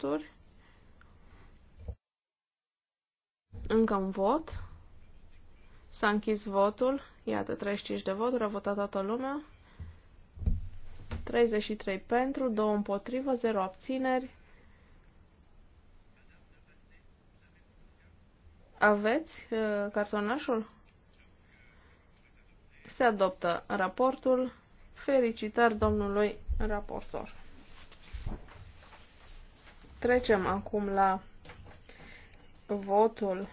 voturi. Încă un vot. S-a închis votul. Iată, 35 de voturi. A votat toată lumea. 33 pentru, 2 împotrivă, 0 abțineri. Aveți uh, cartonașul? Se adoptă raportul. Felicitări domnului raportor. Trecem acum la votul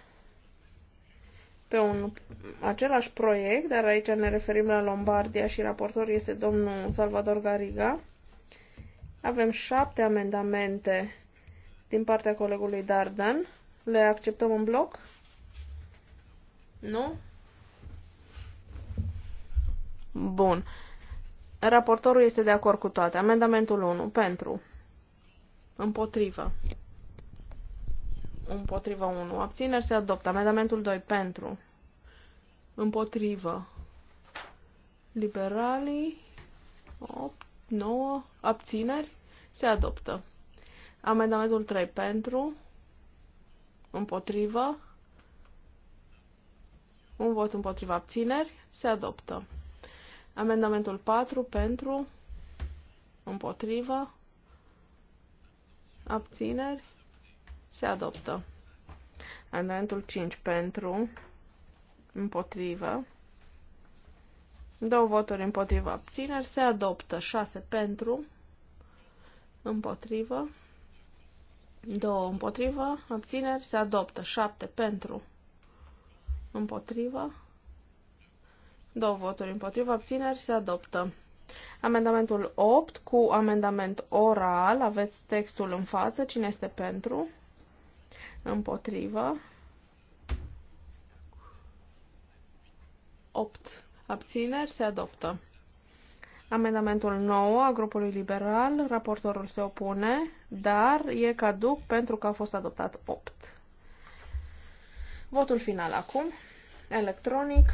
pe un același proiect, dar aici ne referim la Lombardia și raportor este domnul Salvador Gariga. Avem șapte amendamente din partea colegului Dardan. Le acceptăm în bloc? Nu? Bun. Raportorul este de acord cu toate. Amendamentul 1 pentru Împotrivă. Împotrivă 1. Abțineri se adoptă. Amendamentul 2. Pentru. Împotrivă. Liberalii. 8, 9. Abțineri se adoptă. Amendamentul 3. Pentru. Împotrivă. Un vot împotriva abțineri. Se adoptă. Amendamentul 4 pentru, împotrivă, abțineri, se adoptă. Amendamentul 5 pentru, împotrivă, două voturi împotrivă, abțineri, se adoptă. 6 pentru, împotrivă, două împotrivă, abțineri, se adoptă. 7 pentru, împotrivă, două voturi împotrivă, abțineri, se adoptă. Amendamentul 8 cu amendament oral. Aveți textul în față. Cine este pentru? Împotrivă. 8 abțineri. Se adoptă. Amendamentul 9 a grupului liberal. Raportorul se opune, dar e caduc pentru că a fost adoptat 8. Votul final acum. Electronic.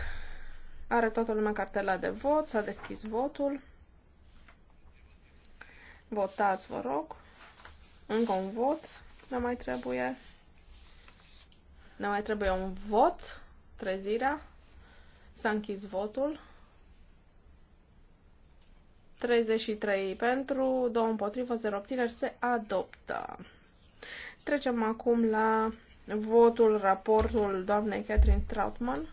Are toată lumea cartela de vot, s-a deschis votul. Votați, vă rog. Încă un vot ne mai trebuie. Ne mai trebuie un vot, trezirea. S-a închis votul. 33 pentru, 2 împotrivă, 0 obțineri, se adoptă. Trecem acum la votul, raportul doamnei Catherine Trautmann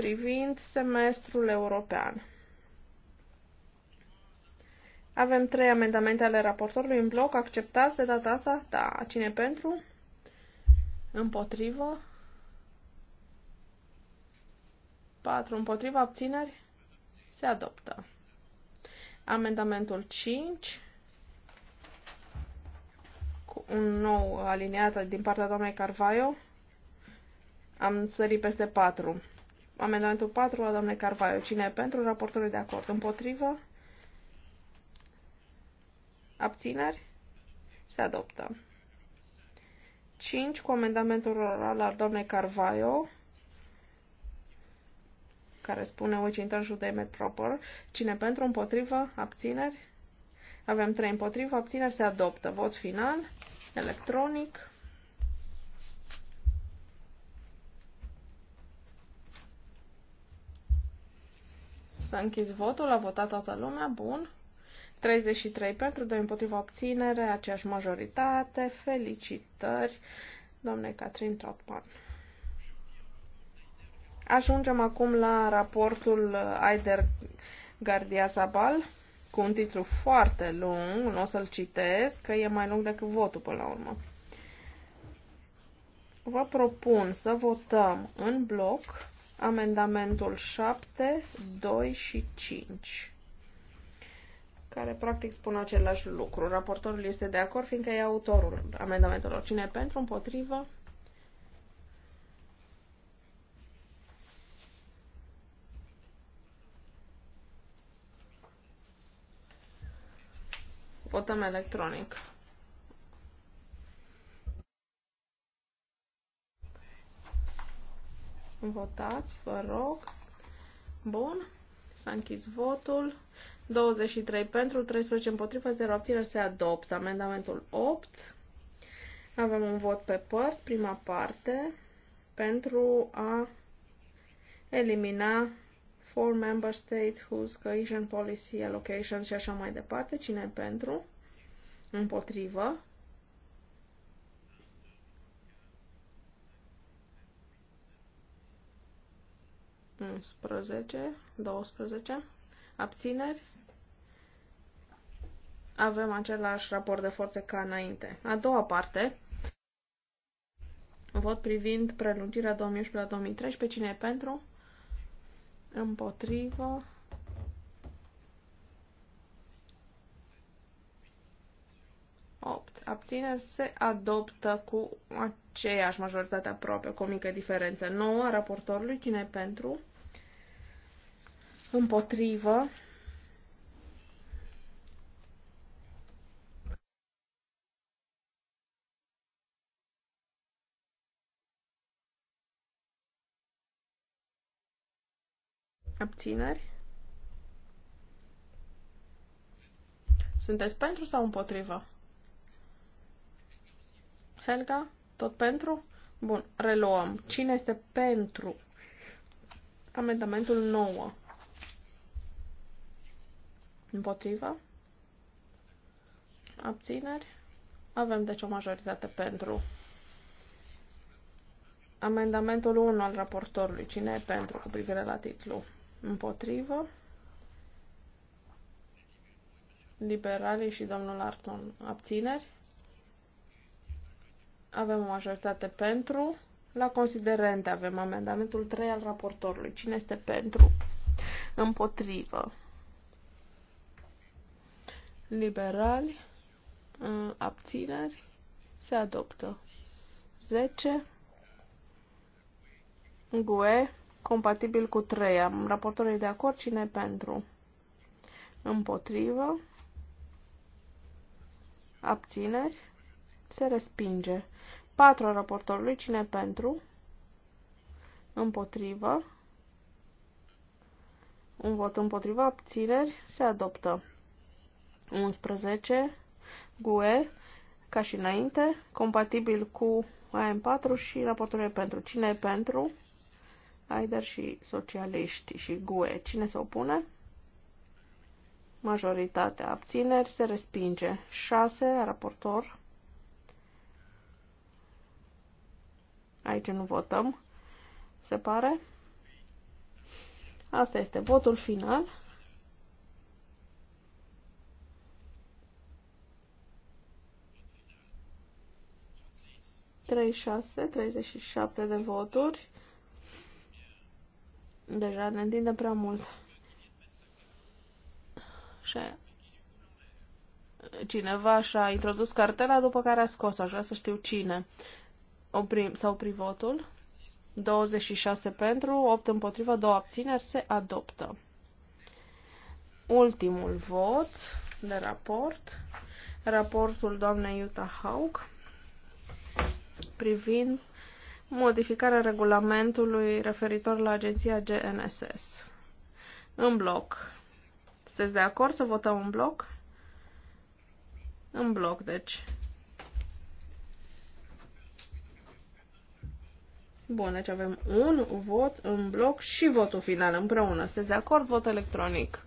privind semestrul european. Avem trei amendamente ale raportorului în bloc. Acceptați de data asta? Da. Cine pentru? Împotrivă? 4. Împotrivă abțineri? Se adoptă. Amendamentul 5 cu un nou aliniat din partea doamnei Carvaio. Am sărit peste 4. Amendamentul 4 al doamne Carvaiu. Cine e pentru? Raportorul de acord. Împotrivă? Abțineri? Se adoptă. 5 cu amendamentul oral al doamnei Carvaio, care spune which intern should they proper. Cine pentru, împotrivă, abțineri? Avem 3 împotrivă, abțineri se adoptă. Vot final, electronic. S-a închis votul, a votat toată lumea, bun. 33 pentru, 2 împotriva obținere, aceeași majoritate. Felicitări, doamne Catrin Trotman. Ajungem acum la raportul Aider Gardia Zabal, cu un titlu foarte lung, nu o să-l citesc, că e mai lung decât votul până la urmă. Vă propun să votăm în bloc amendamentul 7, 2 și 5 care practic spun același lucru. Raportorul este de acord, fiindcă e autorul amendamentelor. Cine e pentru, împotrivă? Votăm electronic. Votați, vă rog. Bun. S-a închis votul. 23 pentru, 13 împotrivă, 0 abțineri se adoptă. Amendamentul 8. Avem un vot pe părți, prima parte, pentru a elimina four member states whose cohesion policy allocations și așa mai departe. Cine pentru? Împotrivă. 11, 12, abțineri. Avem același raport de forțe ca înainte. A doua parte, vot privind prelungirea 2011-2013, cine e pentru? Împotrivă. Opt. Abțineri se adoptă cu aceeași majoritate aproape, cu o mică diferență. 9. Raportorului, cine e pentru? împotrivă, abțineri. Sunteți pentru sau împotrivă? Helga, tot pentru? Bun, reluăm. Cine este pentru amendamentul 9? Împotrivă. Abțineri. Avem deci o majoritate pentru. Amendamentul 1 al raportorului. Cine e pentru cu privire la titlu? Împotrivă. Liberalii și domnul Arton abțineri. Avem o majoritate pentru. La considerente avem amendamentul 3 al raportorului. Cine este pentru? Împotrivă liberali, uh, abțineri, se adoptă. 10. GUE, compatibil cu 3. Raportorul e de acord, cine pentru? Împotrivă, abțineri, se respinge. 4. Raportorului, cine pentru? Împotrivă, un vot împotriva, abțineri, se adoptă. 11 GUE, ca și înainte, compatibil cu AM4 și raporturile pentru. Cine e pentru? Aider și socialiști și GUE. Cine se opune? Majoritatea abțineri se respinge. 6 raportor. Aici nu votăm, se pare. Asta este votul final. 36, 37 de voturi. Deja ne întinde prea mult. Și cineva și-a introdus cartela, după care a scos-o. Aș vrea să știu cine. s-a oprit votul. 26 pentru, 8 împotrivă, 2 abțineri, se adoptă. Ultimul vot de raport. Raportul doamnei Utah Haug privind modificarea regulamentului referitor la agenția GNSS. În bloc. Sunteți de acord să votăm în bloc? În bloc, deci. Bun, deci avem un vot în bloc și votul final împreună. Sunteți de acord? Vot electronic.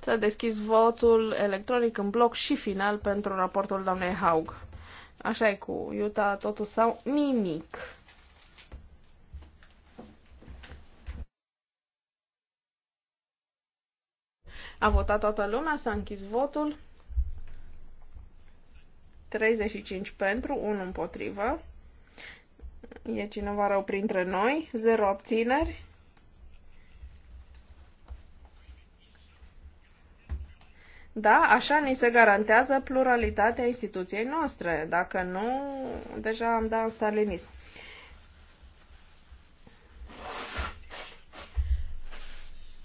Să deschis votul electronic în bloc și final pentru raportul doamnei Haug. Așa e cu Iuta totul sau nimic. A votat toată lumea, s-a închis votul. 35 pentru, 1 împotrivă. E cineva rău printre noi, 0 abțineri. Da, așa ni se garantează pluralitatea instituției noastre. Dacă nu, deja am dat în stalinism.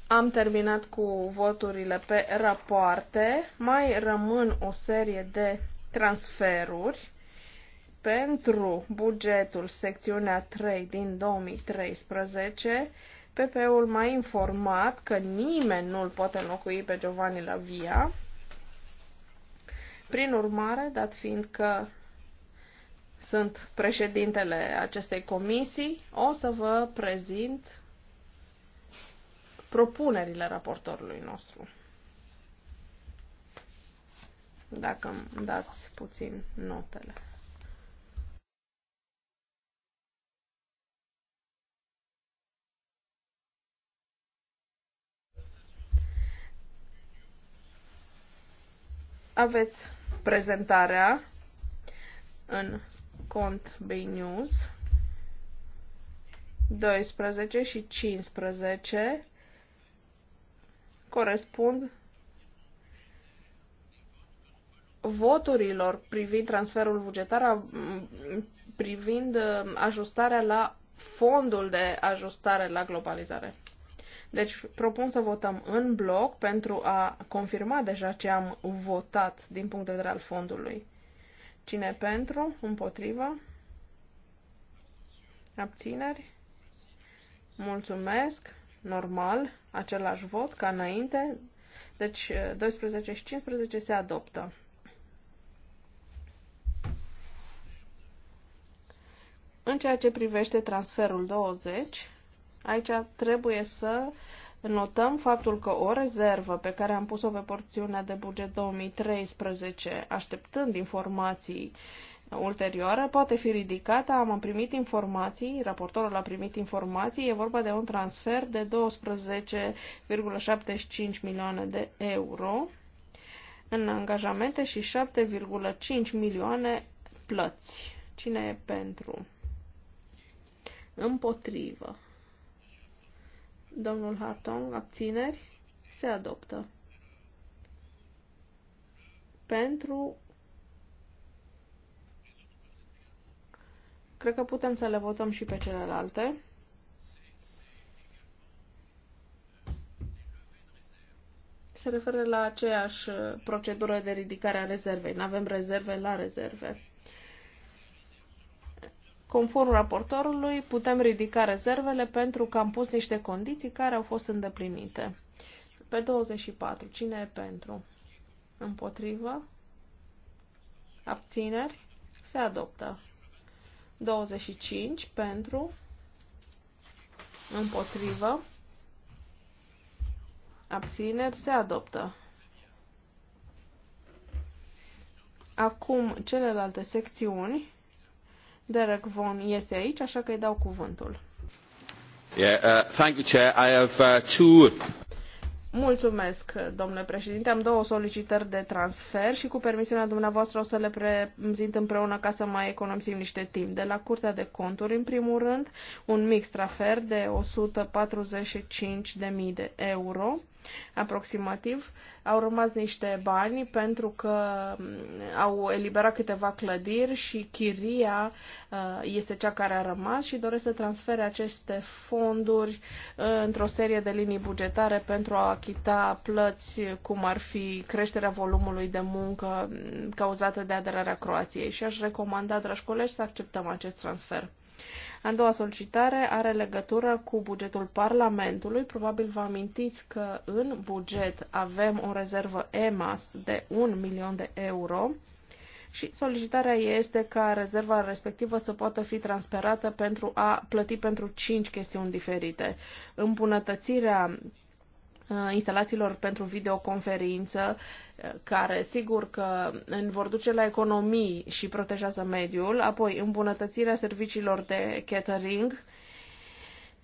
Am terminat cu voturile pe rapoarte. Mai rămân o serie de transferuri pentru bugetul secțiunea 3 din 2013 PP-ul m-a informat că nimeni nu l poate înlocui pe Giovanni la via. Prin urmare, dat fiind că sunt președintele acestei comisii, o să vă prezint propunerile raportorului nostru. Dacă îmi dați puțin notele. Aveți prezentarea în cont B News 12 și 15 corespund voturilor privind transferul bugetar, privind uh, ajustarea la fondul de ajustare la globalizare. Deci propun să votăm în bloc pentru a confirma deja ce am votat din punct de vedere al fondului. Cine pentru? Împotrivă? Abțineri? Mulțumesc. Normal. Același vot ca înainte. Deci 12 și 15 se adoptă. În ceea ce privește transferul 20, Aici trebuie să notăm faptul că o rezervă pe care am pus-o pe porțiunea de buget 2013, așteptând informații ulterioare, poate fi ridicată. Am primit informații, raportorul a primit informații, e vorba de un transfer de 12,75 milioane de euro în angajamente și 7,5 milioane plăți. Cine e pentru? Împotrivă. Domnul Hartong, abțineri, se adoptă. Pentru Cred că putem să le votăm și pe celelalte. Se referă la aceeași procedură de ridicare a rezervei. Nu avem rezerve la rezerve. Conform raportorului, putem ridica rezervele pentru că am pus niște condiții care au fost îndeplinite. Pe 24, cine e pentru? Împotrivă? Abțineri? Se adoptă. 25 pentru, împotrivă, abțineri, se adoptă. Acum celelalte secțiuni Derek Vaughan este aici, așa că îi dau cuvântul. Yeah, uh, thank you, Chair. I have, uh, two... Mulțumesc, domnule președinte. Am două solicitări de transfer și cu permisiunea dumneavoastră o să le prezint împreună ca să mai economisim niște timp. De la Curtea de Conturi, în primul rând, un mix transfer de 145.000 de euro aproximativ. Au rămas niște bani pentru că mm, au eliberat câteva clădiri și chiria uh, este cea care a rămas și doresc să transfere aceste fonduri uh, într-o serie de linii bugetare pentru a achita plăți cum ar fi creșterea volumului de muncă mm, cauzată de aderarea Croației. Și aș recomanda, dragi colegi, să acceptăm acest transfer. A doua solicitare are legătură cu bugetul Parlamentului. Probabil vă amintiți că în buget avem o rezervă EMAS de 1 milion de euro și solicitarea este ca rezerva respectivă să poată fi transferată pentru a plăti pentru 5 chestiuni diferite. Îmbunătățirea Uh, instalațiilor pentru videoconferință, uh, care sigur că vor duce la economii și protejează mediul, apoi îmbunătățirea serviciilor de catering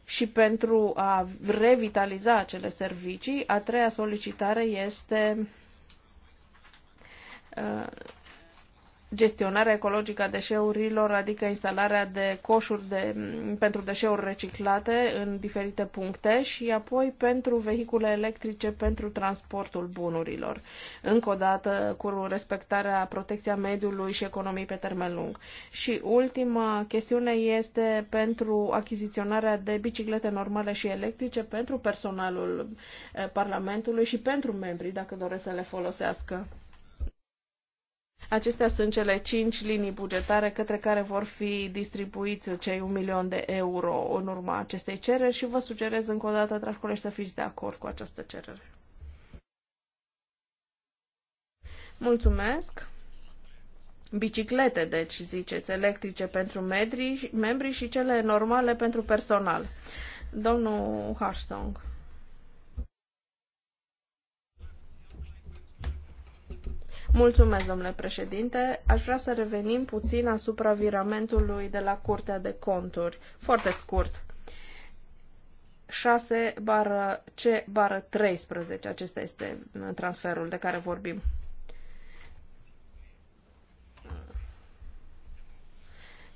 și pentru a revitaliza acele servicii. A treia solicitare este uh, gestionarea ecologică a deșeurilor, adică instalarea de coșuri de, pentru deșeuri reciclate în diferite puncte și apoi pentru vehicule electrice pentru transportul bunurilor. Încă o dată cu respectarea protecția mediului și economii pe termen lung. Și ultima chestiune este pentru achiziționarea de biciclete normale și electrice pentru personalul eh, Parlamentului și pentru membrii dacă doresc să le folosească. Acestea sunt cele cinci linii bugetare către care vor fi distribuiți cei un milion de euro în urma acestei cereri și vă sugerez încă o dată, dragi colegi, să fiți de acord cu această cerere. Mulțumesc! Biciclete, deci, ziceți, electrice pentru medri, membri și cele normale pentru personal. Domnul Harstong. Mulțumesc, domnule președinte. Aș vrea să revenim puțin asupra viramentului de la Curtea de Conturi. Foarte scurt. 6 bară C bară 13. Acesta este uh, transferul de care vorbim.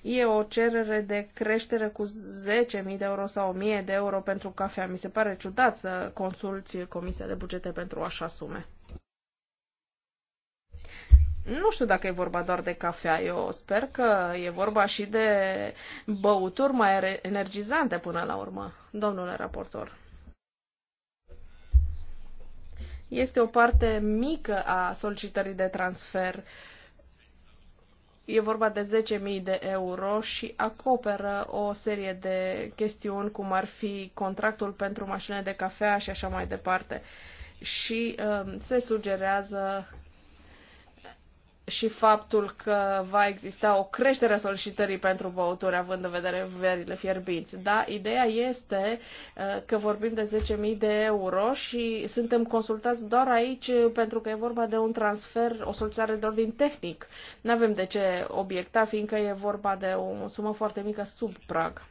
E o cerere de creștere cu 10.000 de euro sau 1.000 de euro pentru cafea. Mi se pare ciudat să consulți Comisia de Bugete pentru așa sume. Nu știu dacă e vorba doar de cafea, eu sper că e vorba și de băuturi mai energizante până la urmă, domnule raportor. Este o parte mică a solicitării de transfer. E vorba de 10.000 de euro și acoperă o serie de chestiuni, cum ar fi contractul pentru mașină de cafea și așa mai departe. Și uh, se sugerează și faptul că va exista o creștere a solicitării pentru băuturi, având în vedere verile fierbinți. Da, ideea este uh, că vorbim de 10.000 de euro și suntem consultați doar aici pentru că e vorba de un transfer, o soluționare de ordin tehnic. Nu avem de ce obiecta, fiindcă e vorba de o sumă foarte mică sub prag.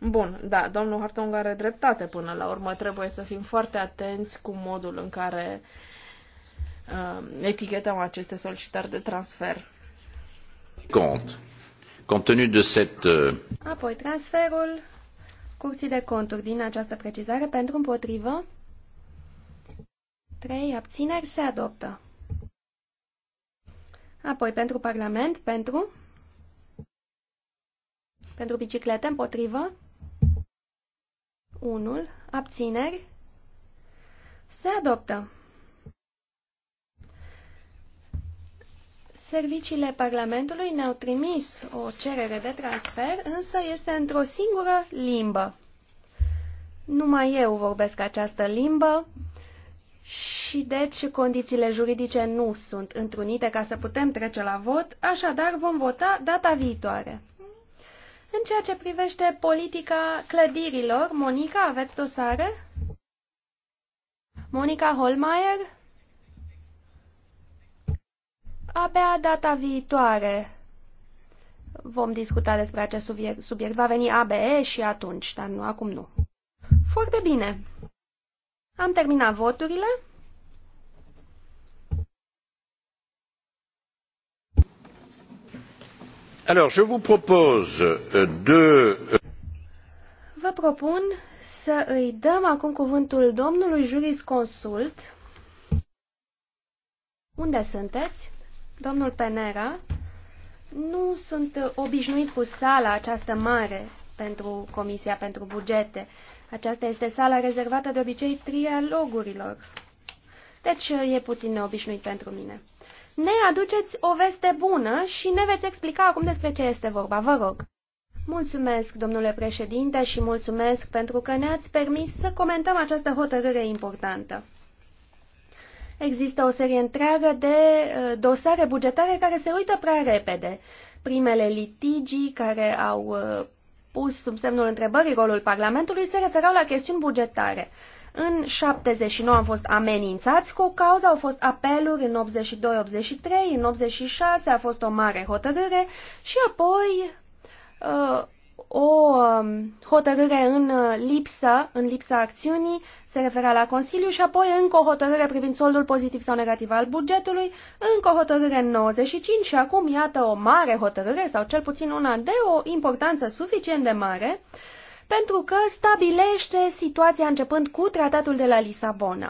Bun, da, domnul Hartung are dreptate până la urmă. Trebuie să fim foarte atenți cu modul în care uh, Um, etichetăm aceste solicitări de transfer. Cont. Contenu de cette... Uh, Apoi, transferul curții de conturi din această precizare pentru împotrivă. 3. Abțineri se adoptă. Apoi, pentru Parlament, pentru... Pentru biciclete, împotrivă. 1. Abțineri. Se adoptă. Serviciile Parlamentului ne-au trimis o cerere de transfer, însă este într-o singură limbă. Numai eu vorbesc această limbă și deci condițiile juridice nu sunt întrunite ca să putem trece la vot, așadar vom vota data viitoare. În ceea ce privește politica clădirilor, Monica, aveți dosare? Monica Holmeier? Abia data viitoare vom discuta despre acest subiect. subiect. Va veni ABE și atunci, dar nu, acum nu. Foarte bine. Am terminat voturile. Alors, je vous propose euh, de... Euh, Vă propun să îi dăm acum cuvântul domnului jurisconsult. Unde sunteți? Domnul Penera, nu sunt obișnuit cu sala aceasta mare pentru Comisia pentru Bugete. Aceasta este sala rezervată de obicei trialogurilor. Deci e puțin neobișnuit pentru mine. Ne aduceți o veste bună și ne veți explica acum despre ce este vorba, vă rog. Mulțumesc, domnule președinte, și mulțumesc pentru că ne-ați permis să comentăm această hotărâre importantă. Există o serie întreagă de uh, dosare bugetare care se uită prea repede. Primele litigii care au uh, pus sub semnul întrebării rolul Parlamentului se referau la chestiuni bugetare. În 79 am fost amenințați cu o cauză, au fost apeluri în 82-83, în 86 a fost o mare hotărâre și apoi uh, o um, hotărâre în uh, lipsă, în lipsa acțiunii, se referea la Consiliu și apoi încă o hotărâre privind soldul pozitiv sau negativ al bugetului, încă o hotărâre în 95 și acum iată o mare hotărâre sau cel puțin una de o importanță suficient de mare pentru că stabilește situația începând cu tratatul de la Lisabona.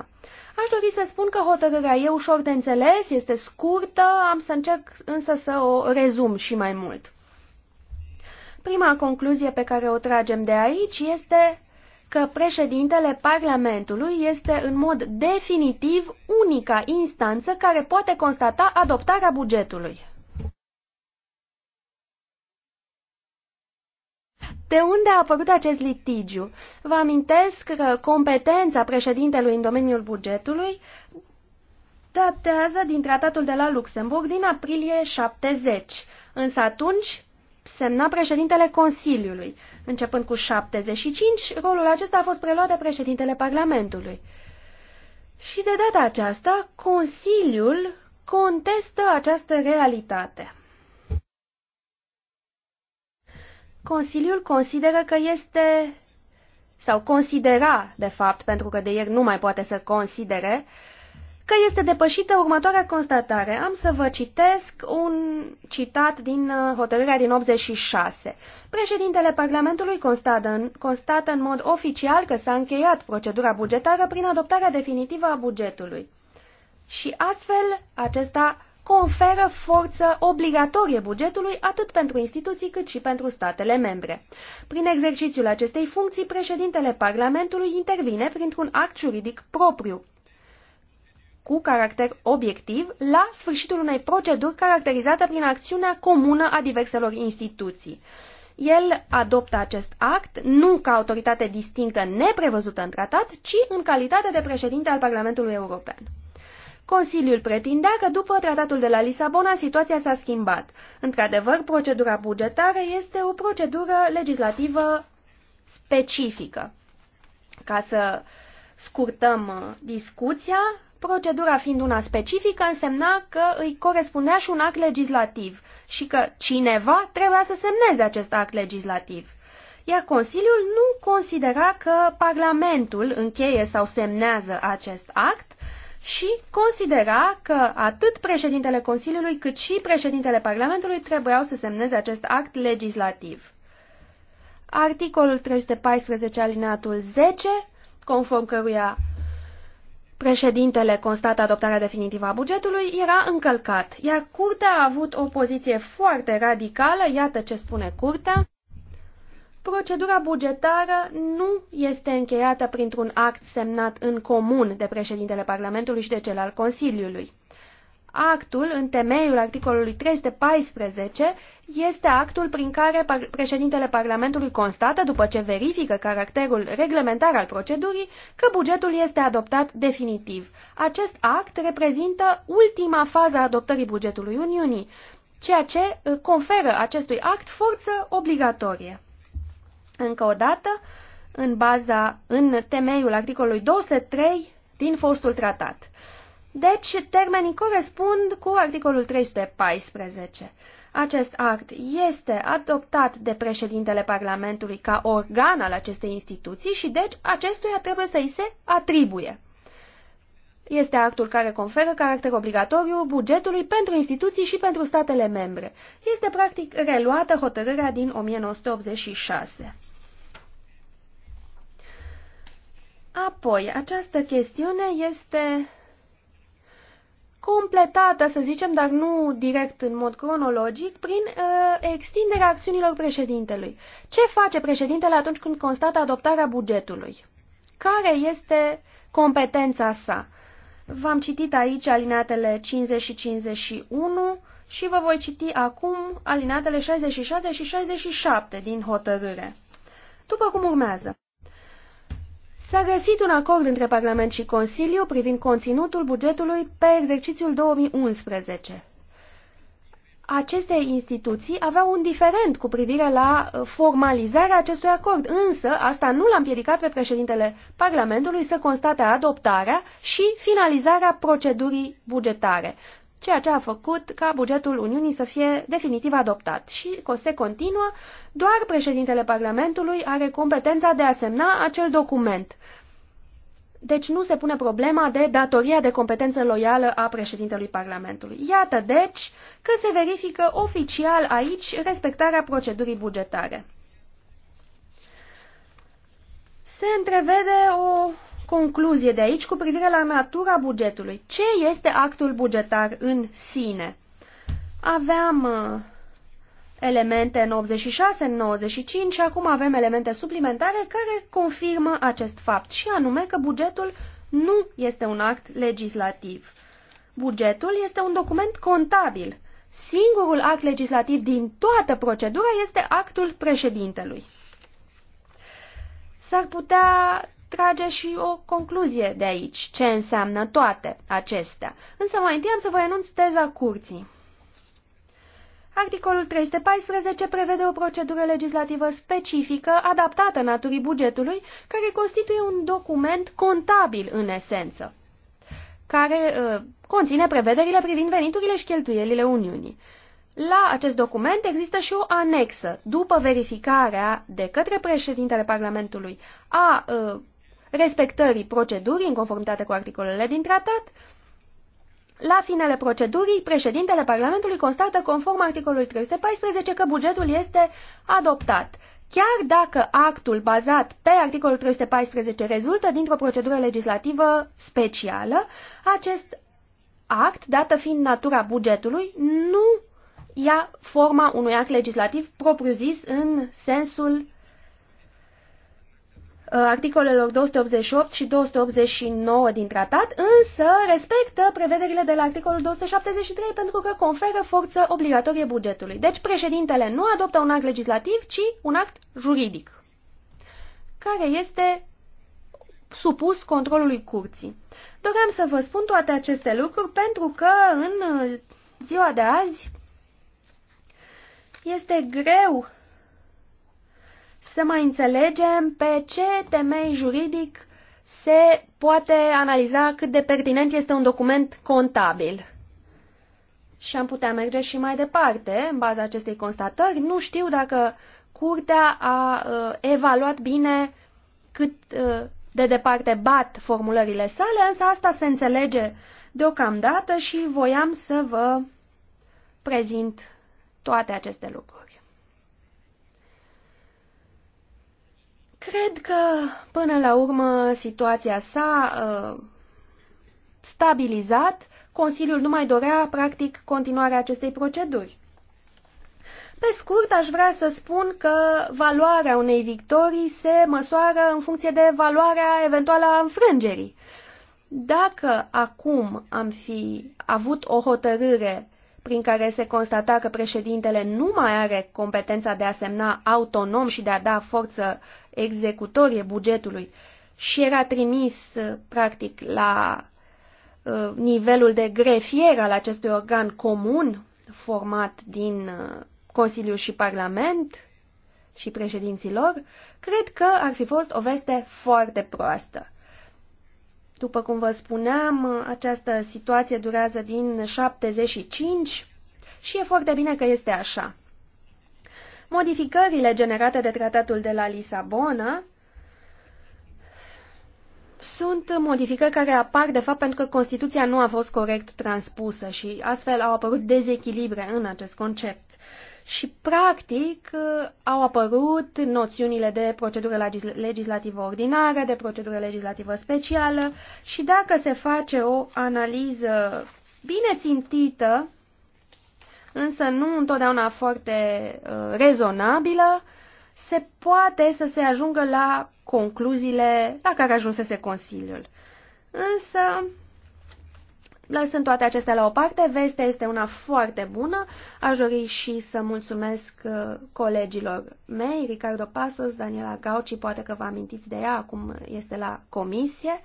Aș dori să spun că hotărârea e ușor de înțeles, este scurtă, am să încerc însă să o rezum și mai mult. Prima concluzie pe care o tragem de aici este că președintele Parlamentului este în mod definitiv unica instanță care poate constata adoptarea bugetului. De unde a apărut acest litigiu? Vă amintesc că competența președintelui în domeniul bugetului datează din tratatul de la Luxemburg din aprilie 70, însă atunci semna președintele Consiliului. Începând cu 75, rolul acesta a fost preluat de președintele Parlamentului. Și de data aceasta, Consiliul contestă această realitate. Consiliul consideră că este, sau considera, de fapt, pentru că de ieri nu mai poate să considere, uh, că este depășită următoarea constatare. Am să vă citesc un citat din uh, hotărârea din 86. Președintele Parlamentului constată în, constată în mod oficial că s-a încheiat procedura bugetară prin adoptarea definitivă a bugetului. Și astfel, acesta conferă forță obligatorie bugetului atât pentru instituții cât și pentru statele membre. Prin exercițiul acestei funcții, președintele Parlamentului intervine printr-un act juridic propriu cu caracter obiectiv la sfârșitul unei proceduri caracterizată prin acțiunea comună a diverselor instituții. El adoptă acest act nu ca autoritate distinctă neprevăzută în tratat, ci în calitate de președinte al Parlamentului European. Consiliul pretindea că după tratatul de la Lisabona situația s-a schimbat. Într-adevăr, procedura bugetară este o procedură legislativă specifică. Ca să scurtăm uh, discuția, Procedura fiind una specifică însemna că îi corespundea și un act legislativ și că cineva trebuia să semneze acest act legislativ. Iar Consiliul nu considera că Parlamentul încheie sau semnează acest act și considera că atât președintele Consiliului cât și președintele Parlamentului trebuiau să semneze acest act legislativ. Articolul 314 alineatul 10, conform căruia Președintele constată adoptarea definitivă a bugetului, era încălcat, iar curtea a avut o poziție foarte radicală, iată ce spune curtea. Procedura bugetară nu este încheiată printr-un act semnat în comun de președintele Parlamentului și de cel al Consiliului actul, în temeiul articolului 314, este actul prin care președintele Parlamentului constată, după ce verifică caracterul reglementar al procedurii, că bugetul este adoptat definitiv. Acest act reprezintă ultima fază a adoptării bugetului Uniunii, ceea ce uh, conferă acestui act forță obligatorie. Încă o dată, în baza, în temeiul articolului 203 din fostul tratat. Deci, termenii corespund cu articolul 314. Acest act este adoptat de președintele Parlamentului ca organ al acestei instituții și deci acestuia trebuie să îi se atribuie. Este actul care conferă caracter obligatoriu bugetului pentru instituții și pentru statele membre. Este practic reluată hotărârea din 1986. Apoi, această chestiune este completată, să zicem, dar nu direct în mod cronologic, prin uh, extinderea acțiunilor președintelui. Ce face președintele atunci când constată adoptarea bugetului? Care este competența sa? V-am citit aici alineatele 50 și 51 și vă voi citi acum alineatele 66 și 67 din hotărâre. După cum urmează. S-a găsit un acord între Parlament și Consiliu privind conținutul bugetului pe exercițiul 2011. Aceste instituții aveau un diferent cu privire la uh, formalizarea acestui acord, însă asta nu l-a împiedicat pe președintele Parlamentului să constate adoptarea și finalizarea procedurii bugetare ceea ce a făcut ca bugetul Uniunii să fie definitiv adoptat. Și se continuă, doar președintele Parlamentului are competența de a semna acel document. Deci nu se pune problema de datoria de competență loială a președintelui Parlamentului. Iată deci că se verifică oficial aici respectarea procedurii bugetare. Se întrevede o concluzie de aici cu privire la natura bugetului. Ce este actul bugetar în sine? Aveam uh, elemente în 86, în 95 și acum avem elemente suplimentare care confirmă acest fapt și anume că bugetul nu este un act legislativ. Bugetul este un document contabil. Singurul act legislativ din toată procedura este actul președintelui. S-ar putea trage și o concluzie de aici, ce înseamnă toate acestea. Însă mai întâi am să vă enunț teza curții. Articolul 314 prevede o procedură legislativă specifică adaptată naturii bugetului, care constituie un document contabil în esență, care uh, conține prevederile privind veniturile și cheltuielile Uniunii. La acest document există și o anexă. După verificarea de către președintele Parlamentului a uh, respectării procedurii în conformitate cu articolele din tratat, la finele procedurii, președintele Parlamentului constată conform articolului 314 că bugetul este adoptat. Chiar dacă actul bazat pe articolul 314 rezultă dintr-o procedură legislativă specială, acest act, dată fiind natura bugetului, nu ia forma unui act legislativ propriu-zis în sensul Uh, articolelor 288 și 289 din tratat, însă respectă prevederile de la articolul 273 pentru că conferă forță obligatorie bugetului. Deci președintele nu adoptă un act legislativ, ci un act juridic, care este supus controlului curții. Doream să vă spun toate aceste lucruri pentru că în uh, ziua de azi este greu să mai înțelegem pe ce temei juridic se poate analiza cât de pertinent este un document contabil. Și am putea merge și mai departe, în baza acestei constatări. Nu știu dacă curtea a uh, evaluat bine cât uh, de departe bat formulările sale, însă asta se înțelege deocamdată și voiam să vă prezint toate aceste lucruri. Cred că, până la urmă, situația s-a uh, stabilizat. Consiliul nu mai dorea, practic, continuarea acestei proceduri. Pe scurt, aș vrea să spun că valoarea unei victorii se măsoară în funcție de valoarea eventuală a înfrângerii. Dacă acum am fi avut o hotărâre prin care se constata că președintele nu mai are competența de a semna autonom și de a da forță executorie bugetului și era trimis, practic, la ă, nivelul de grefier al acestui organ comun format din ă, Consiliu și Parlament și președinților, cred că ar fi fost o veste foarte proastă. După cum vă spuneam, această situație durează din 75 și e foarte bine că este așa. Modificările generate de tratatul de la Lisabona sunt modificări care apar, de fapt, pentru că Constituția nu a fost corect transpusă și astfel au apărut dezechilibre în acest concept și, practic, au apărut noțiunile de procedură legislativă ordinară, de procedură legislativă specială și dacă se face o analiză bine țintită, însă nu întotdeauna foarte uh, rezonabilă, se poate să se ajungă la concluziile la care ajunsese Consiliul. Însă, Lăsând toate acestea la o parte, vestea este una foarte bună. Aș dori și să mulțumesc uh, colegilor mei, Ricardo Pasos, Daniela Gauci, poate că vă amintiți de ea, acum este la comisie.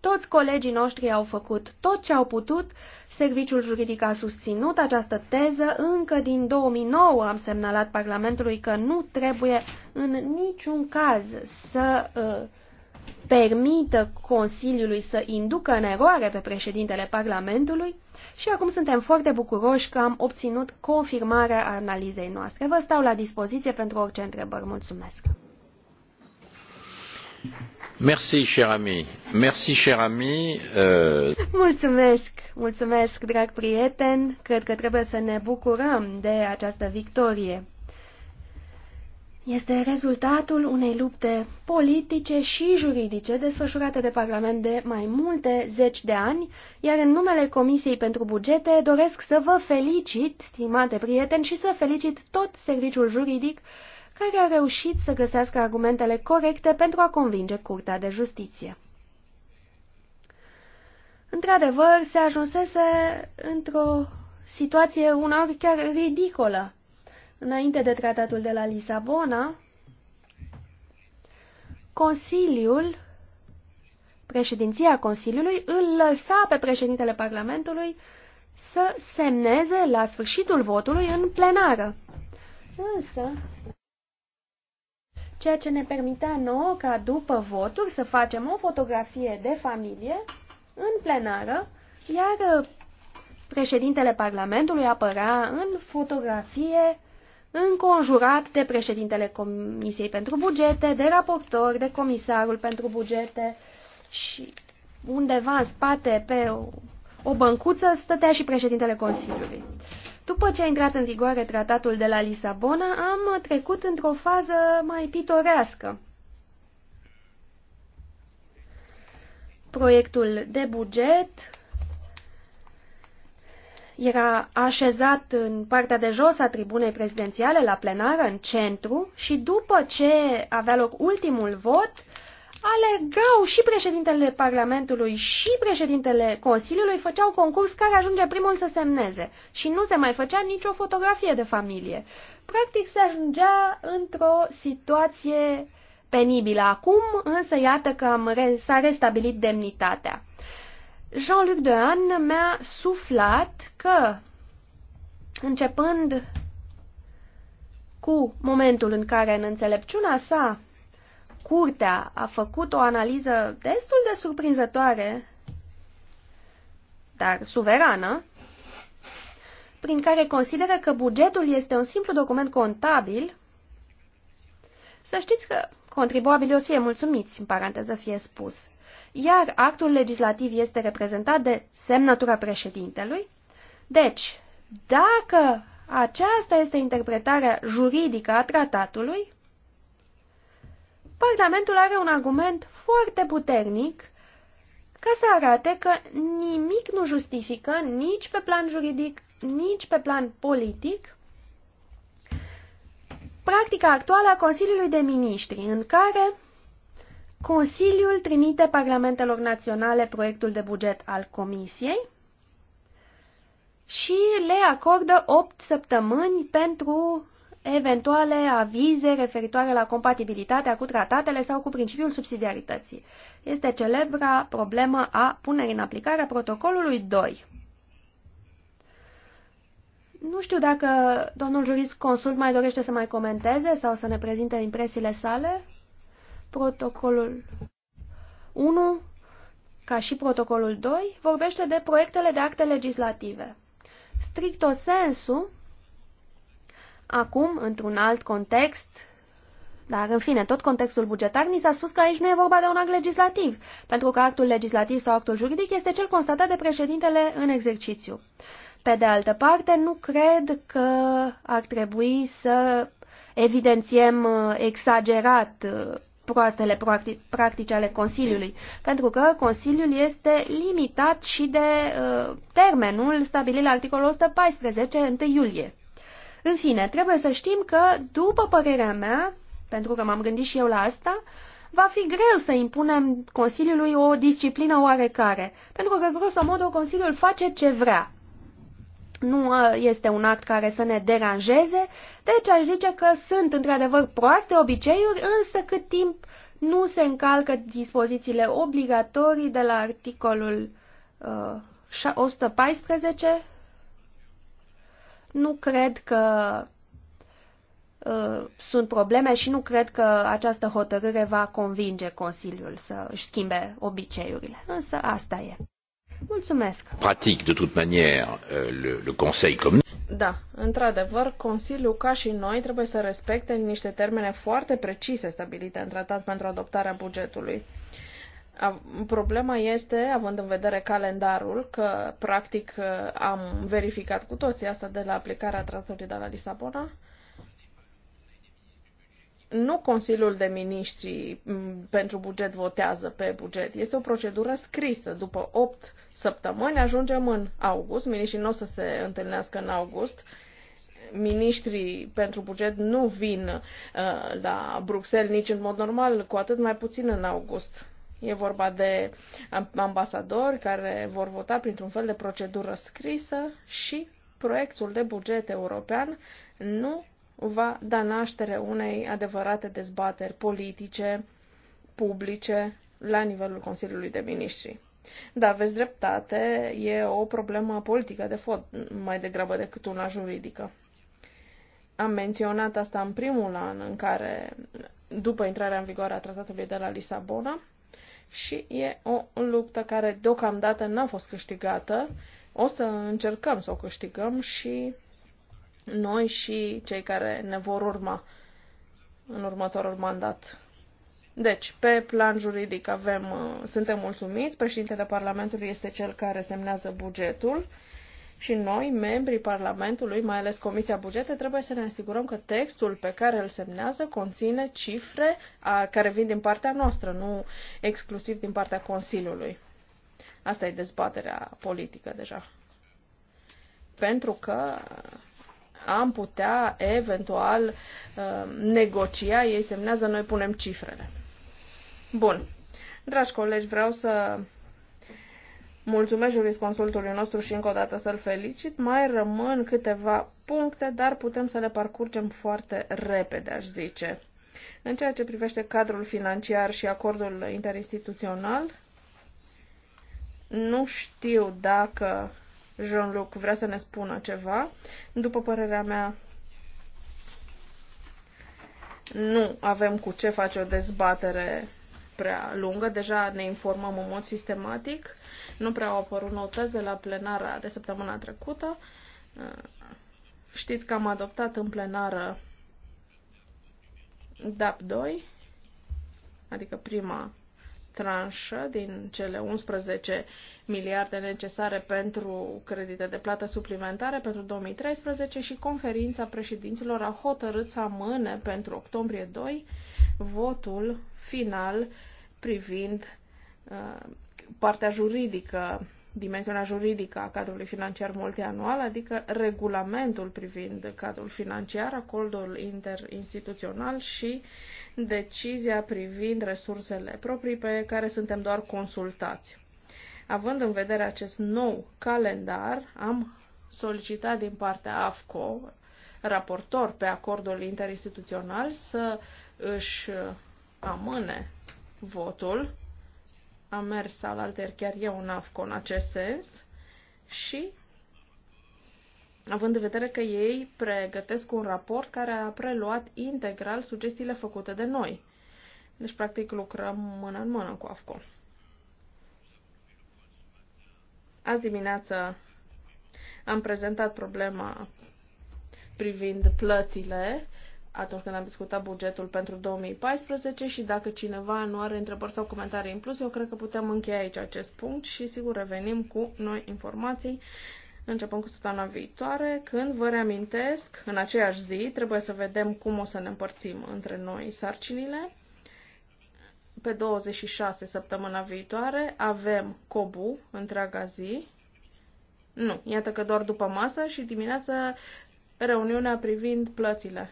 Toți colegii noștri au făcut tot ce au putut. Serviciul juridic a susținut această teză. Încă din 2009 am semnalat Parlamentului că nu trebuie în niciun caz să uh, permită Consiliului să inducă în eroare pe președintele Parlamentului și acum suntem foarte bucuroși că am obținut confirmarea analizei noastre. Vă stau la dispoziție pentru orice întrebări. Mulțumesc! Merci, cher ami. Merci, cher ami. Uh... Mulțumesc, mulțumesc, drag prieten. Cred că trebuie să ne bucurăm de această victorie este rezultatul unei lupte politice și juridice desfășurate de Parlament de mai multe zeci de ani, iar în numele Comisiei pentru Bugete doresc să vă felicit, stimate prieteni, și să felicit tot serviciul juridic care a reușit să găsească argumentele corecte pentru a convinge Curtea de Justiție. Într-adevăr, se ajunsese într-o situație uneori chiar ridicolă, înainte de tratatul de la Lisabona, Consiliul, președinția Consiliului, îl lăsa pe președintele Parlamentului să semneze la sfârșitul votului în plenară. Însă, ceea ce ne permitea nouă ca după voturi să facem o fotografie de familie în plenară, iar președintele Parlamentului apărea în fotografie înconjurat de președintele Comisiei pentru Bugete, de raportor, de comisarul pentru bugete și undeva în spate pe o, o băncuță stătea și președintele Consiliului. După ce a intrat în vigoare tratatul de la Lisabona, am trecut într-o fază mai pitorească. Proiectul de buget era așezat în partea de jos a tribunei prezidențiale la plenară, în centru, și după ce avea loc ultimul vot, alegau și președintele Parlamentului și președintele Consiliului, făceau concurs care ajunge primul să semneze și nu se mai făcea nicio fotografie de familie. Practic se ajungea într-o situație penibilă. Acum însă iată că s-a restabilit demnitatea. Jean-Luc Dehan mi-a suflat că începând cu momentul în care în înțelepciunea sa curtea a făcut o analiză destul de surprinzătoare, dar suverană, prin care consideră că bugetul este un simplu document contabil, să știți că contribuabilii o să fie mulțumiți, în paranteză fie spus iar actul legislativ este reprezentat de semnătura președintelui. Deci, dacă aceasta este interpretarea juridică a tratatului, Parlamentul are un argument foarte puternic ca să arate că nimic nu justifică nici pe plan juridic, nici pe plan politic practica actuală a Consiliului de Ministri, în care Consiliul trimite parlamentelor naționale proiectul de buget al Comisiei și le acordă 8 săptămâni pentru eventuale avize referitoare la compatibilitatea cu tratatele sau cu principiul subsidiarității. Este celebra problemă a punerii în aplicare a protocolului 2. Nu știu dacă domnul jurist consult mai dorește să mai comenteze sau să ne prezinte impresiile sale. Protocolul 1, ca și protocolul 2, vorbește de proiectele de acte legislative. Stricto sensu, acum, într-un alt context, dar, în fine, tot contextul bugetar, ni s-a spus că aici nu e vorba de un act legislativ, pentru că actul legislativ sau actul juridic este cel constatat de președintele în exercițiu. Pe de altă parte, nu cred că ar trebui să evidențiem uh, exagerat uh, proastele practici ale Consiliului, pentru că Consiliul este limitat și de uh, termenul stabilit la articolul 114, 1 iulie. În fine, trebuie să știm că, după părerea mea, pentru că m-am gândit și eu la asta, va fi greu să impunem Consiliului o disciplină oarecare, pentru că, grosomodo, Consiliul face ce vrea nu ă, este un act care să ne deranjeze, deci aș zice că sunt într-adevăr proaste obiceiuri, însă cât timp nu se încalcă dispozițiile obligatorii de la articolul ă, uh, 114, nu cred că uh, sunt probleme și nu cred că această hotărâre va convinge Consiliul să își schimbe obiceiurile. Însă asta e. Mulțumesc. Practic, de toute manière, euh, le, le Conseil comme da, într-adevăr, Consiliul, ca și noi, trebuie să respecte niște termene foarte precise stabilite în tratat pentru adoptarea bugetului. Problema este, având în vedere calendarul, că practic am verificat cu toții asta de la aplicarea tratatului de la Lisabona, nu Consiliul de Ministri mm, pentru buget votează pe buget. Este o procedură scrisă. După 8 săptămâni ajungem în august. Miniștrii nu o să se întâlnească în august. Ministrii pentru buget nu vin uh, la Bruxelles nici în mod normal, cu atât mai puțin în august. E vorba de ambasadori care vor vota printr-un fel de procedură scrisă și proiectul de buget european nu va da naștere unei adevărate dezbateri politice, publice, la nivelul Consiliului de Ministri. Da, aveți dreptate, e o problemă politică de fond mai degrabă decât una juridică. Am menționat asta în primul an în care, după intrarea în vigoare a tratatului de la Lisabona, și e o luptă care deocamdată n-a fost câștigată. O să încercăm să o câștigăm și noi și cei care ne vor urma în următorul mandat. Deci, pe plan juridic avem, uh, suntem mulțumiți, președintele Parlamentului este cel care semnează bugetul și noi, membrii Parlamentului, mai ales Comisia Bugete, trebuie să ne asigurăm că textul pe care îl semnează conține cifre a, care vin din partea noastră, nu exclusiv din partea Consiliului. Asta e dezbaterea politică deja. Pentru că am putea eventual uh, negocia, ei semnează, noi punem cifrele. Bun. Dragi colegi, vreau să mulțumesc jurisconsultului nostru și încă o dată să-l felicit. Mai rămân câteva puncte, dar putem să le parcurgem foarte repede, aș zice. În ceea ce privește cadrul financiar și acordul interinstituțional, nu știu dacă Jean-Luc vrea să ne spună ceva. După părerea mea, nu avem cu ce face o dezbatere prea lungă, deja ne informăm în mod sistematic, nu prea au apărut noutăți de la plenara de săptămâna trecută. Știți că am adoptat în plenară DAP 2, adică prima tranșă din cele 11 miliarde necesare pentru credite de plată suplimentare pentru 2013 și conferința președinților a hotărât să amâne pentru octombrie 2 votul final privind uh, partea juridică dimensiunea juridică a cadrului financiar multianual, adică regulamentul privind cadrul financiar, acordul interinstituțional și uh, decizia privind resursele proprii pe care suntem doar consultați. Având în vedere acest nou calendar, am solicitat din partea AFCO, raportor pe acordul interinstituțional, să își amâne votul. Am mers al alter chiar eu în AFCO în acest sens și având în vedere că ei pregătesc un raport care a preluat integral sugestiile făcute de noi. Deci, practic, lucrăm mână în mână cu AFCO. Azi dimineață am prezentat problema privind plățile atunci când am discutat bugetul pentru 2014 și dacă cineva nu are întrebări sau comentarii în plus, eu cred că putem încheia aici acest punct și sigur revenim cu noi informații începând cu săptămâna viitoare, când vă reamintesc, în aceeași zi, trebuie să vedem cum o să ne împărțim între noi sarcinile. Pe 26, săptămâna viitoare, avem COBU, întreaga zi. Nu, iată că doar după masă și dimineața reuniunea privind plățile.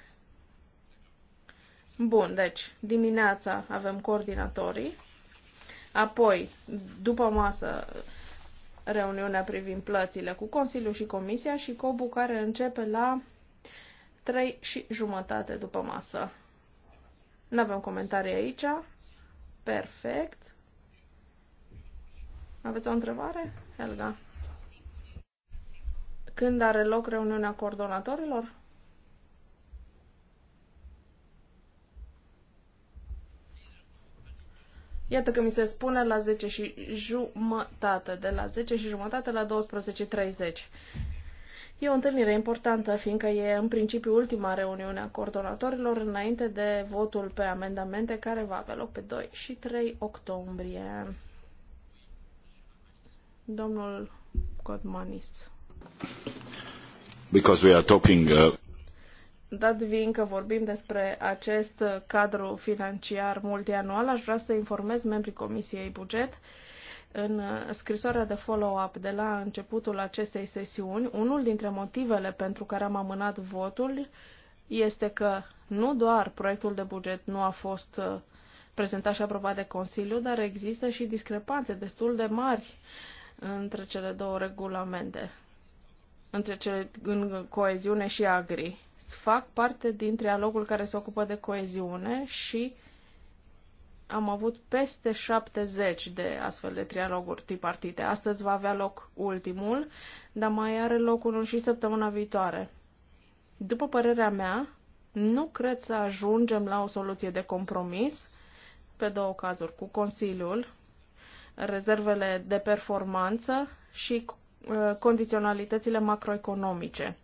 Bun, deci dimineața avem coordinatorii, apoi după masă reuniunea privind plățile cu Consiliul și Comisia și COBU care începe la 3 și jumătate după masă. Nu avem comentarii aici. Perfect. Aveți o întrebare, Helga? Când are loc reuniunea coordonatorilor? Iată că mi se spune la 10 și jumătate, de la 10 și jumătate la 12.30. E o întâlnire importantă, fiindcă e în principiu ultima reuniune a coordonatorilor înainte de votul pe amendamente care va avea loc pe 2 și 3 octombrie. Domnul Godmanis. Because we are talking uh... Dat vin că vorbim despre acest cadru financiar multianual, aș vrea să informez membrii Comisiei Buget în scrisoarea de follow-up de la începutul acestei sesiuni, unul dintre motivele pentru care am amânat votul este că nu doar proiectul de buget nu a fost prezentat și aprobat de Consiliu, dar există și discrepanțe destul de mari între cele două regulamente, între cele în coeziune și agri fac parte din trialogul care se ocupă de coeziune și am avut peste 70 de astfel de trialoguri tripartite. Astăzi va avea loc ultimul, dar mai are loc unul și săptămâna viitoare. După părerea mea, nu cred să ajungem la o soluție de compromis pe două cazuri cu Consiliul, rezervele de performanță și uh, condiționalitățile macroeconomice.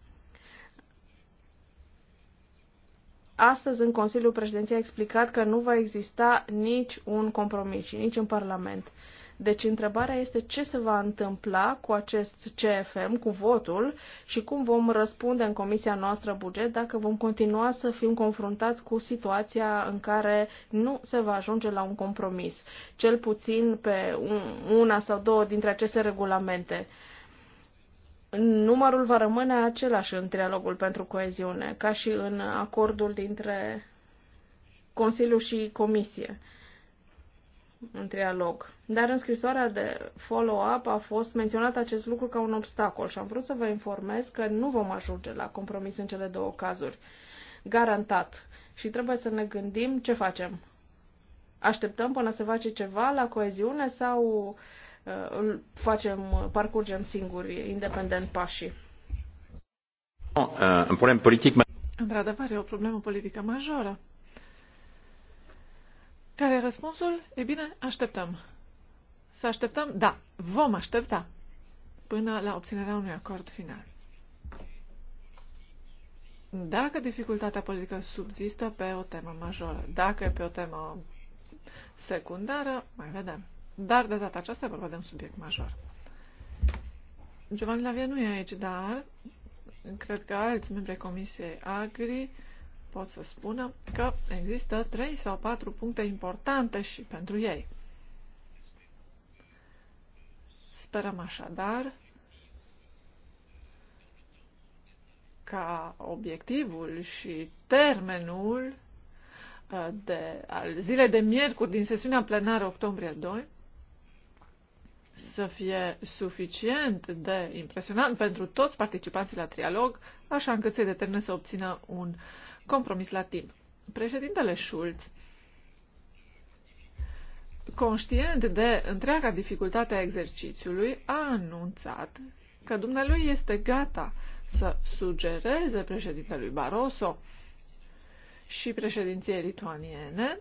Astăzi, în Consiliul Președinției, a explicat că nu va exista nici un compromis nici în Parlament. Deci, întrebarea este ce se va întâmpla cu acest CFM, cu votul, și cum vom răspunde în comisia noastră buget dacă vom continua să fim confruntați cu situația în care nu se va ajunge la un compromis, cel puțin pe una sau două dintre aceste regulamente numărul va rămâne același în trialogul pentru coeziune, ca și în acordul dintre Consiliu și Comisie în trialog. Dar în scrisoarea de follow-up a fost menționat acest lucru ca un obstacol și am vrut să vă informez că nu vom ajunge la compromis în cele două cazuri. Garantat. Și trebuie să ne gândim ce facem. Așteptăm până se face ceva la coeziune sau uh, Uh, facem, uh, parcurgem singuri, independent pașii. Un uh, problem politic. Într-adevăr, e o problemă politică majoră. Care e răspunsul? E bine, așteptăm. Să așteptăm? Da, vom aștepta până la obținerea unui acord final. Dacă dificultatea politică subzistă pe o temă majoră, dacă e pe o temă secundară, mai vedem. Dar de data aceasta vorba de un subiect major. Giovanni Lavia nu e aici, dar cred că alți membri Comisiei Agri pot să spună că există trei sau patru puncte importante și pentru ei. Sperăm așadar ca obiectivul și termenul uh, de, al zilei de miercuri din sesiunea plenară octombrie 2 să fie suficient de impresionant pentru toți participanții la trialog, așa încât să-i determine să obțină un compromis la timp. Președintele Schulz, conștient de întreaga dificultate a exercițiului, a anunțat că dumnealui este gata să sugereze președintelui Barroso și președinției lituaniene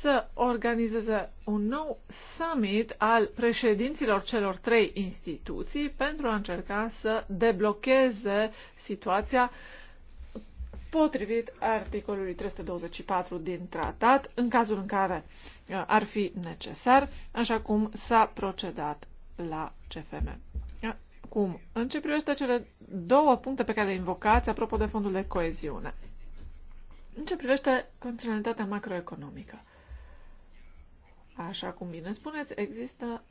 să organizeze un nou summit al președinților celor trei instituții pentru a încerca să deblocheze situația potrivit articolului 324 din tratat, în cazul în care uh, ar fi necesar, așa cum s-a procedat la CFM. Uh, acum, în ce privește cele două puncte pe care le invocați apropo de fondul de coeziune? În ce privește condiționalitatea macroeconomică? Așa cum bine spuneți, există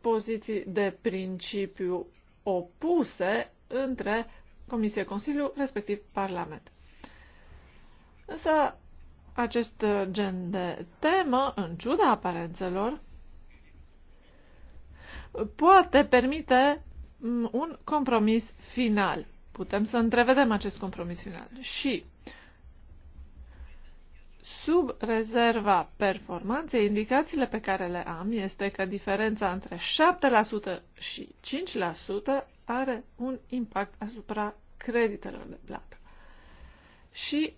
poziții de principiu opuse între Comisie, Consiliu, respectiv Parlament. Însă, acest gen de temă, în ciuda aparențelor, poate permite mm, un compromis final. Putem să întrevedem acest compromis final. Și Sub rezerva performanței, indicațiile pe care le am este că diferența între 7% și 5% are un impact asupra creditelor de plată. Și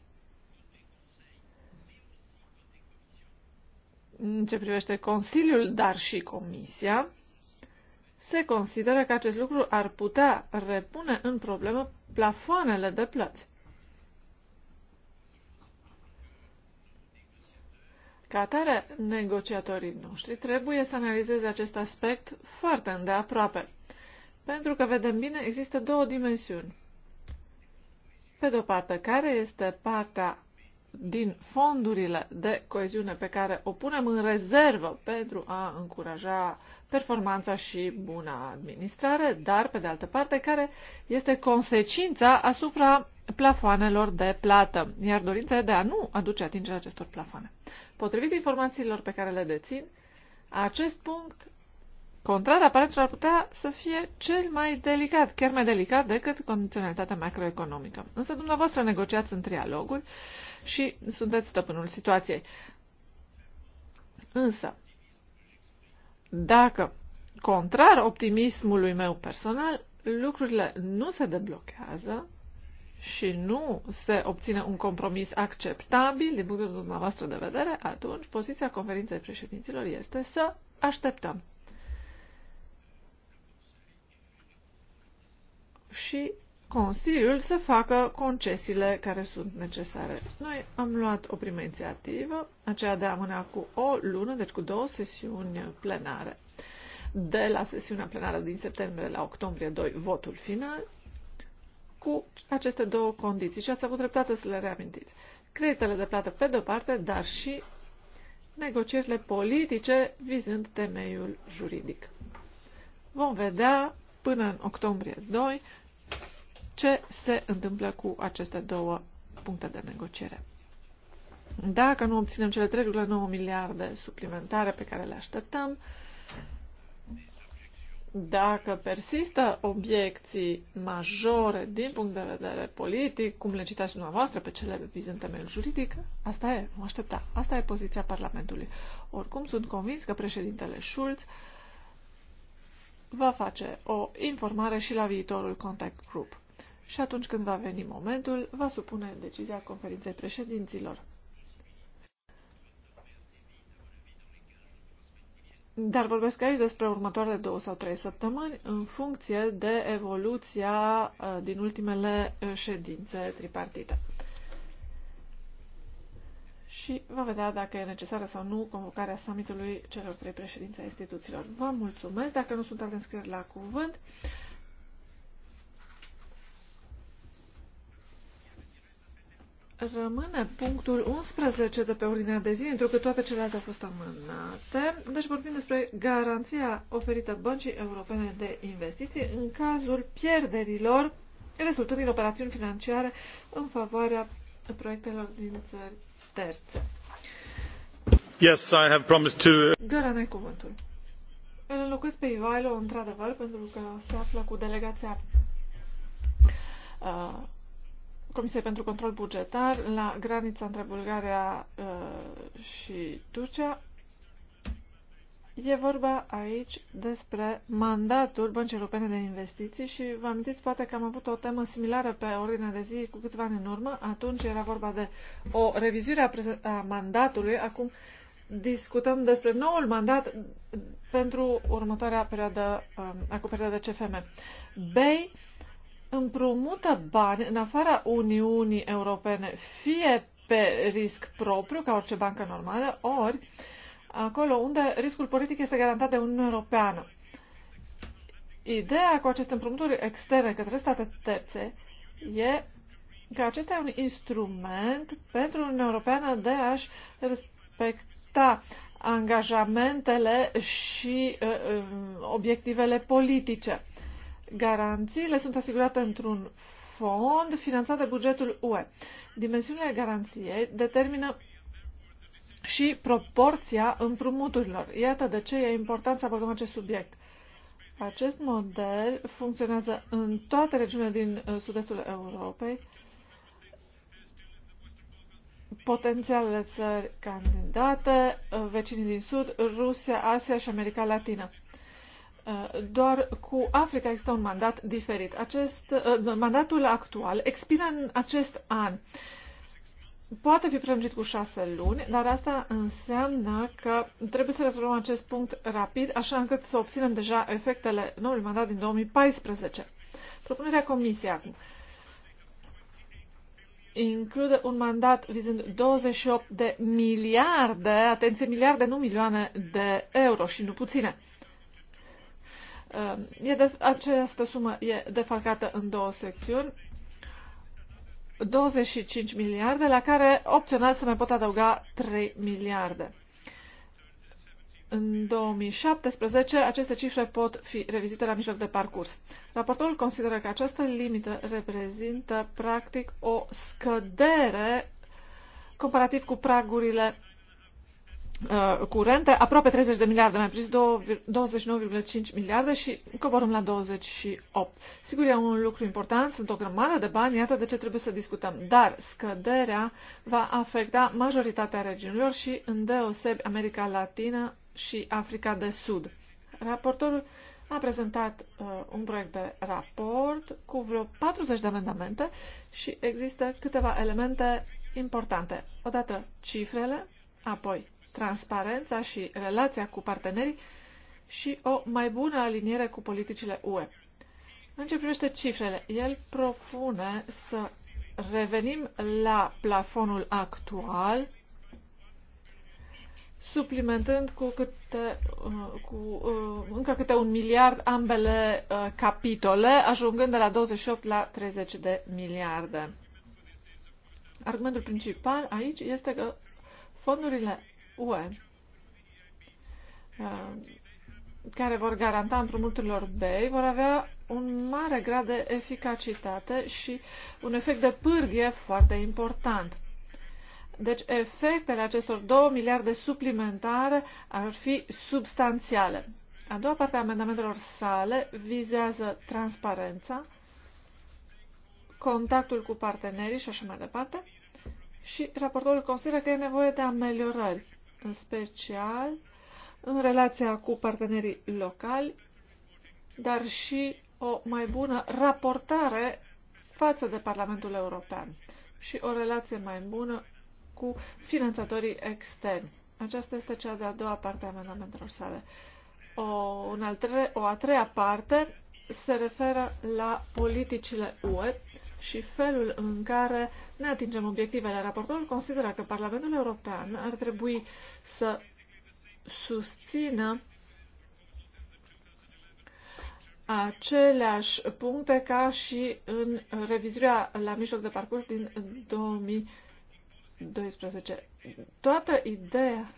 în ce privește Consiliul, dar și Comisia, se consideră că acest lucru ar putea repune în problemă plafoanele de plăți. Ca atare, negociatorii noștri trebuie să analizeze acest aspect foarte îndeaproape. Pentru că, vedem bine, există două dimensiuni. Pe de-o parte, care este partea din fondurile de coeziune pe care o punem în rezervă pentru a încuraja performanța și buna administrare, dar, pe de altă parte, care este consecința asupra plafoanelor de plată, iar dorința de a nu aduce atingerea acestor plafoane. Potrivit informațiilor pe care le dețin, acest punct, contrar aparențelor ar putea să fie cel mai delicat, chiar mai delicat decât condiționalitatea macroeconomică. Însă dumneavoastră negociați în trialoguri și sunteți stăpânul situației. Însă, dacă, contrar optimismului meu personal, lucrurile nu se deblochează, și nu se obține un compromis acceptabil din punctul dumneavoastră de vedere, atunci poziția conferinței președinților este să așteptăm. Și Consiliul să facă concesiile care sunt necesare. Noi am luat o primă inițiativă, aceea de a amâna cu o lună, deci cu două sesiuni plenare. De la sesiunea plenară din septembrie la octombrie 2, votul final cu aceste două condiții și ați avut dreptate să le reamintiți. Creditele de plată pe de-o parte, dar și negocierile politice vizând temeiul juridic. Vom vedea până în octombrie 2 ce se întâmplă cu aceste două puncte de negociere. Dacă nu obținem cele 3,9 miliarde suplimentare pe care le așteptăm, dacă persistă obiecții majore din punct de vedere politic, cum le citați dumneavoastră pe cele vizând temeiul juridic, asta e, mă aștepta. Asta e poziția Parlamentului. Oricum, sunt convins că președintele Schulz va face o informare și la viitorul contact group. Și atunci când va veni momentul, va supune decizia conferinței președinților. Dar vorbesc aici despre următoarele două sau trei săptămâni în funcție de evoluția uh, din ultimele uh, ședințe tripartite. Și va vedea dacă e necesară sau nu convocarea summitului celor trei președințe a instituțiilor. Vă mulțumesc. Dacă nu sunt alte înscrieri la cuvânt, Rămâne punctul 11 de pe ordinea de zi, pentru că toate celelalte au fost amânate. Deci vorbim despre garanția oferită Băncii Europene de Investiții în cazul pierderilor rezultând din operațiuni financiare în favoarea proiectelor din țări terțe. Yes, I have promised to... Gara, ai cuvântul. Îl înlocuiesc pe Ivailo, într-adevăr, pentru că se află cu delegația uh, Comisiei pentru Control Bugetar la granița între Bulgaria uh, și Turcia. E vorba aici despre mandatul Băncii Europene de Investiții și vă amintiți poate că am avut o temă similară pe ordinea de zi cu câțiva ani în urmă. Atunci era vorba de o revizuire a, a mandatului. Acum discutăm despre noul mandat pentru următoarea perioadă, um, acoperită de CFM. BEI împrumută bani în afara Uniunii Europene, fie pe risc propriu, ca orice bancă normală, ori acolo unde riscul politic este garantat de Uniunea Europeană. Ideea cu aceste împrumuturi externe către state terțe e că acesta e un instrument pentru Uniunea Europeană de a-și respecta angajamentele și uh, uh obiectivele politice. Garanțiile sunt asigurate într-un fond finanțat de bugetul UE. Dimensiunile garanției determină și proporția împrumuturilor. Iată de ce e important să abordăm acest subiect. Acest model funcționează în toate regiunile din uh, sud-estul Europei. Potențialele țări candidate, uh, vecinii din Sud, Rusia, Asia și America Latină. Eh, doar cu Africa există un mandat diferit. Acest, eh, mandatul actual expiră în acest an. Poate fi prelungit cu șase luni, dar asta înseamnă că trebuie să rezolvăm acest punct rapid, așa încât să obținem deja efectele noului mandat din 2014. Propunerea Comisiei acum include un mandat vizând 28 de miliarde, atenție, miliarde, nu milioane de euro și nu puține. Um, e de, această sumă e defalcată în două secțiuni, 25 miliarde, la care opțional se mai pot adăuga 3 miliarde. În 2017, aceste cifre pot fi revizite la mijloc de parcurs. Raportorul consideră că această limită reprezintă, practic, o scădere comparativ cu pragurile Uh, curente, aproape 30 de miliarde, mai precis 29,5 miliarde și coborăm la 28. Sigur, e un lucru important, sunt o grămadă de bani, iată de ce trebuie să discutăm. Dar scăderea va afecta majoritatea regiunilor și îndeosebi America Latină și Africa de Sud. Raportorul a prezentat uh, un proiect de raport cu vreo 40 de amendamente și există câteva elemente importante. Odată cifrele, apoi transparența și relația cu partenerii și o mai bună aliniere cu politicile UE. În ce privește cifrele, el propune să revenim la plafonul actual, suplimentând cu, câte, uh, cu uh, încă câte un miliard ambele uh, capitole, ajungând de la 28 la 30 de miliarde. Argumentul principal aici este că fondurile UE uh, care vor garanta împrumuturilor BEI vor avea un mare grad de eficacitate și un efect de pârghie foarte important. Deci efectele acestor 2 miliarde suplimentare ar fi substanțiale. A doua parte a amendamentelor sale vizează transparența, contactul cu partenerii și așa mai departe și raportorul consideră că e nevoie de ameliorări în special în relația cu partenerii locali, dar și o mai bună raportare față de Parlamentul European și o relație mai bună cu finanțatorii externi. Aceasta este cea de-a doua parte a amendamentelor sale. O, un al tre- o a treia parte se referă la politicile UE și felul în care ne atingem obiectivele. Raportorul consideră că Parlamentul European ar trebui să susțină aceleași puncte ca și în revizuirea la mijloc de parcurs din 2012. Toată ideea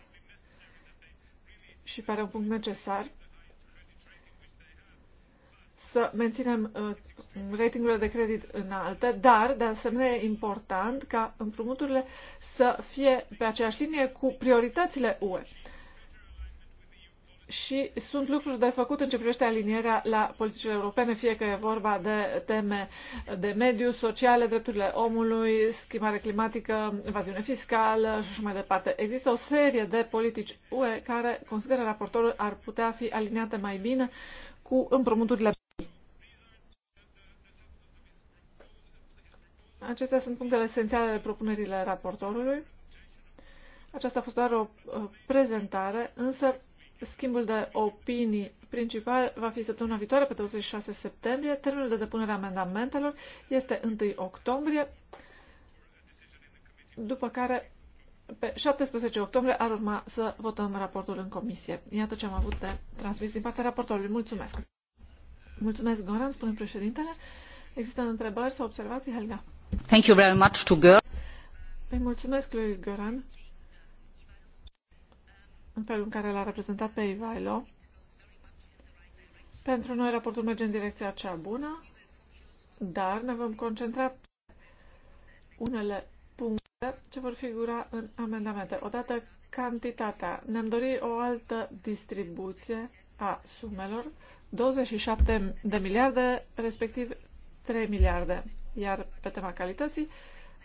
și pare un punct necesar să menținem uh, ratingurile de credit înalte, dar, de asemenea, e important ca împrumuturile să fie pe aceeași linie cu prioritățile UE. Și sunt lucruri de făcut în ce privește alinierea la politicile europene, fie că e vorba de teme de mediu, sociale, drepturile omului, schimbare climatică, evaziune fiscală și așa mai departe. Există o serie de politici UE care, consideră raportorul, ar putea fi aliniate mai bine cu împrumuturile Acestea sunt punctele esențiale ale propunerile raportorului. Aceasta a fost doar o uh, prezentare, însă schimbul de opinii principal va fi săptămâna viitoare, pe 26 septembrie. Termenul de depunere a amendamentelor este 1 octombrie, după care pe 17 octombrie ar urma să votăm raportul în comisie. Iată ce am avut de transmis din partea raportorului. Mulțumesc! Mulțumesc, Goran, spune președintele. Există întrebări sau observații, Helga? Îi mulțumesc lui Göran în felul în care l-a reprezentat pe Ivailo. Pentru noi raportul merge în direcția cea bună, dar ne vom concentra pe unele puncte ce vor figura în amendamente. Odată cantitatea. Ne-am dorit o altă distribuție a sumelor, 27 de miliarde, respectiv 3 miliarde. Iar pe tema calității,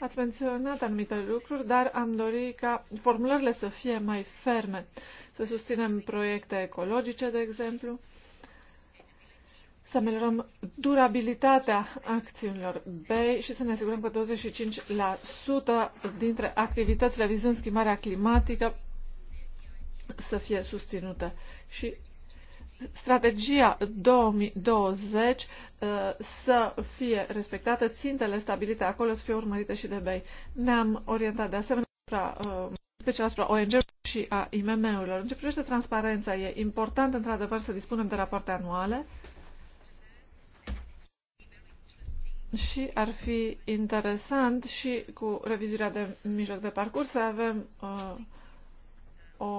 ați menționat anumite lucruri, dar am dori ca formulările să fie mai ferme. Să susținem proiecte ecologice, de exemplu, să ameliorăm durabilitatea acțiunilor BEI și să ne asigurăm că 25% dintre activitățile vizând schimbarea climatică să fie susținute. Și strategia 2020 uh, să fie respectată, țintele stabilite acolo să fie urmărite și de BEI. Ne-am orientat de asemenea asupra, uh, special asupra ong și a IMM-urilor. În ce privește transparența, e important într-adevăr să dispunem de rapoarte anuale și ar fi interesant și cu revizuirea de mijloc de parcurs să avem uh, o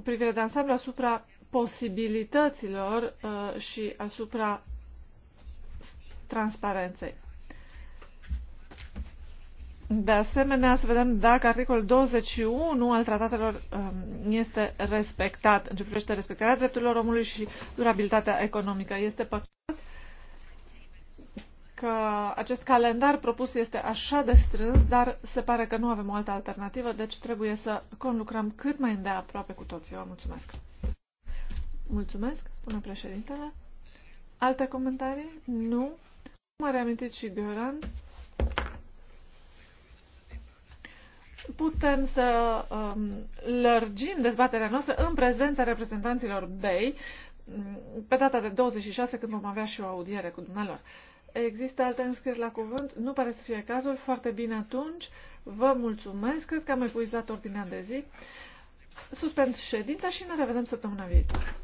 cu privire de ansamblu asupra posibilităților uh, și asupra transparenței. De asemenea, să vedem dacă articolul 21 al tratatelor um, este respectat în ce privește respectarea drepturilor omului și durabilitatea economică. Este păcat că acest calendar propus este așa de strâns, dar se pare că nu avem o altă alternativă, deci trebuie să conlucrăm cât mai îndeaproape cu toții. Vă mulțumesc! Mulțumesc, spune președintele. Alte comentarii? Nu. M-a reamintit și Göran. Putem să um, lărgim dezbaterea noastră în prezența reprezentanților BEI pe data de 26, când vom avea și o audiere cu dumnealor. Există alte înscrieri la cuvânt? Nu pare să fie cazul. Foarte bine atunci. Vă mulțumesc. Cred că am epuizat ordinea de zi. Suspend ședința și ne revedem săptămâna viitoare.